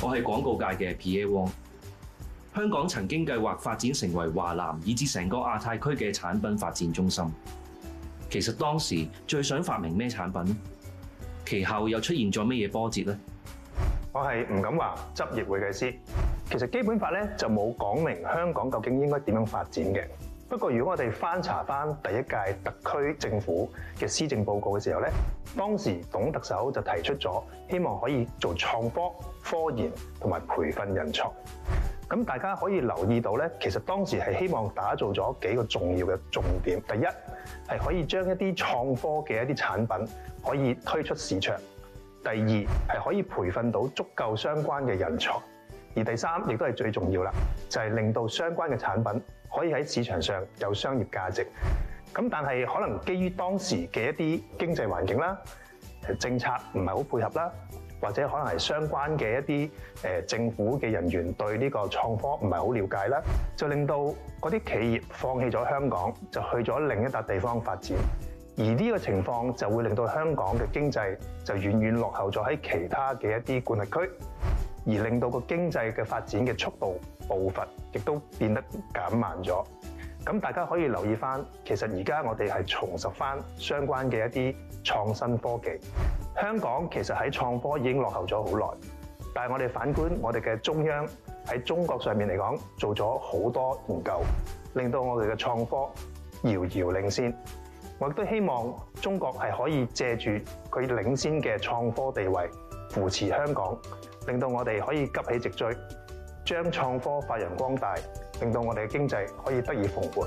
我係廣告界嘅 Pierre Wong。香港曾經計劃發展成為華南以至成個亞太區嘅產品發展中心。其實當時最想發明咩產品咧？其後又出現咗咩嘢波折呢？我係吳錦華，執業會計師。其實基本法咧就冇講明香港究竟應該點樣發展嘅。不過，如果我哋翻查翻第一屆特區政府嘅施政報告嘅時候咧，當時董特首就提出咗，希望可以做創科、科研同埋培訓人才。咁大家可以留意到咧，其實當時係希望打造咗幾個重要嘅重點。第一係可以將一啲創科嘅一啲產品可以推出市場，第二係可以培訓到足夠相關嘅人才。而第三亦都係最重要啦，就係令到相關嘅產品可以喺市場上有商業價值。咁但係可能基於當時嘅一啲經濟環境啦，政策唔係好配合啦，或者可能係相關嘅一啲政府嘅人員對呢個創科唔係好了解啦，就令到嗰啲企業放棄咗香港，就去咗另一笪地方發展。而呢個情況就會令到香港嘅經濟就遠遠落後咗喺其他嘅一啲管轄區。而令到個經濟嘅發展嘅速度步伐，亦都變得減慢咗。咁大家可以留意翻，其實而家我哋係重拾翻相關嘅一啲創新科技。香港其實喺創科已經落後咗好耐，但係我哋反觀我哋嘅中央喺中國上面嚟講做咗好多研究，令到我哋嘅創科遙遙領先。我亦都希望中國係可以借住佢領先嘅創科地位，扶持香港，令到我哋可以急起直追，將創科發揚光大，令到我哋嘅經濟可以得以蓬勃。